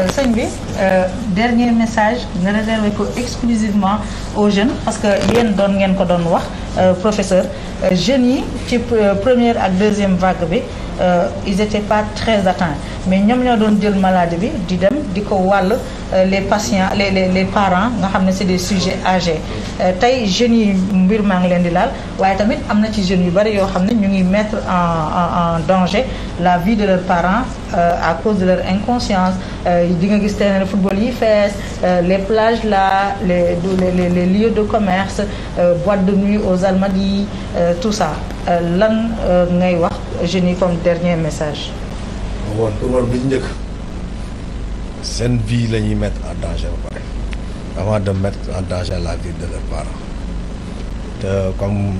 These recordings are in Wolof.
Euh, sëñ bi euh, dernier message nga réservé ko exclusivement aux jeunes parce que yéen doon ngeen ko doon wax Euh, professeur euh, jeunes yi ci euh, première ak deuxième vague bi ils étaient pas très atteints mais ñoom ñoo doon jël maladie bi di dem di ko wàll les patients les les les parents nga xam ne c'est des sujets âgés tey jeunes yi mbir maa ngi leen di laal waaye tamit am na ci jeunes yu bari yoo xam ne ñu ngi mettre en en danger la vie de leurs parents à cause de leur inconscience di nga gis terrain de football yi fees les plages là les les lieux de commerce boîte de nuit aux euh, ça euh, lan euh, ngay wax jeunes comme dernier message. waaw pour man bi seen vie la ñuy mettre en danger ba pare avant de mettre en danger la vie de leurs parents te comme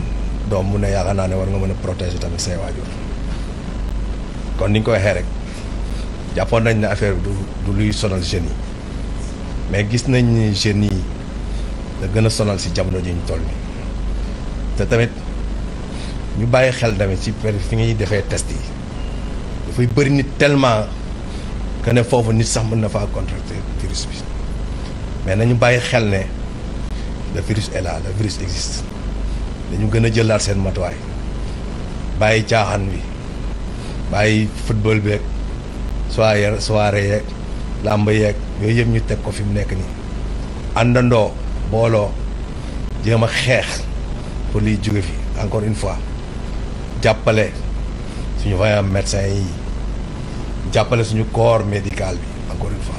doom mu ne yaakaar naa ne war nga mën a protéger tamit say waajur kon ni ñu ko waxee rek jàppoon nañ ne affaire bi du luy sonal jeunes yi mais gis nañ ni jeunes yi da gën a sonal si jamono ji ñu toll nii te tamit ñu bàyyi xel tamit ci per fi ngay defee test yi dafay bëri nit tellement que ne foofu nit sax mën na faa contracter virus bi mais nañu bàyyi xel ne le virus est là virus existe dañu gën a jëlaat seen matuwaay bàyyi caaxaan bi bàyyi football beeg soirée soirée yeeg làmb yeeg yooyu yëpp ñu teg ko fi mu nekk nii àndandoo booloo jéem a xeex. pour liy jóge fi encore une fois jàppale suñu vaillant médecin yi jàppale suñu corps médical bi encore une fois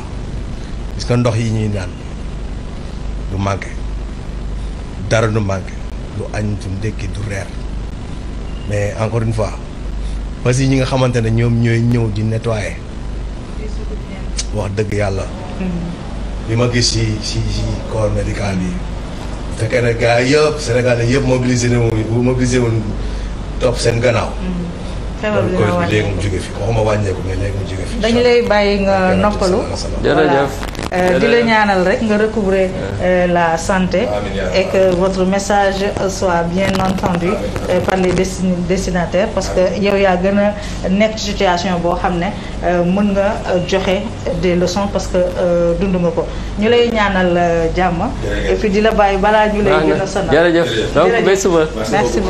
parce ndox yi ñuy naan du manqué dara du manqué du añ du ndékki du reer mais encore une fois parce que ñi nga xamante ne ñoom ñooy ñëw di nettoyer wax dëgg yàlla mm-hmm. li ma gis ci ci ci corps médical bi fekkee ne gars yëpp Sénégalais yëpp mobilisé na woon bu mobilisé woon topp seen gannaaw. Mm-hmm. feebar bi léegi mu jóge fi waxuma wàññeeku mais léegi mu jóge fi. dañu lay bàyyi nga noppalu. jërëjëf. Euh, di la ñaanal rek nga recouvrer euh, la santé et que votre message soit bien entendu euh, par les destinataires parce que yow yaa gën a nekk situation boo xam ne mën nga joxe des leçons parce que dund nga ko ñu lay ñaanal jàmm et puis di la bàyyi balaa ñu lay gën a sonal jërëjëf donc ba suba merci beaucoup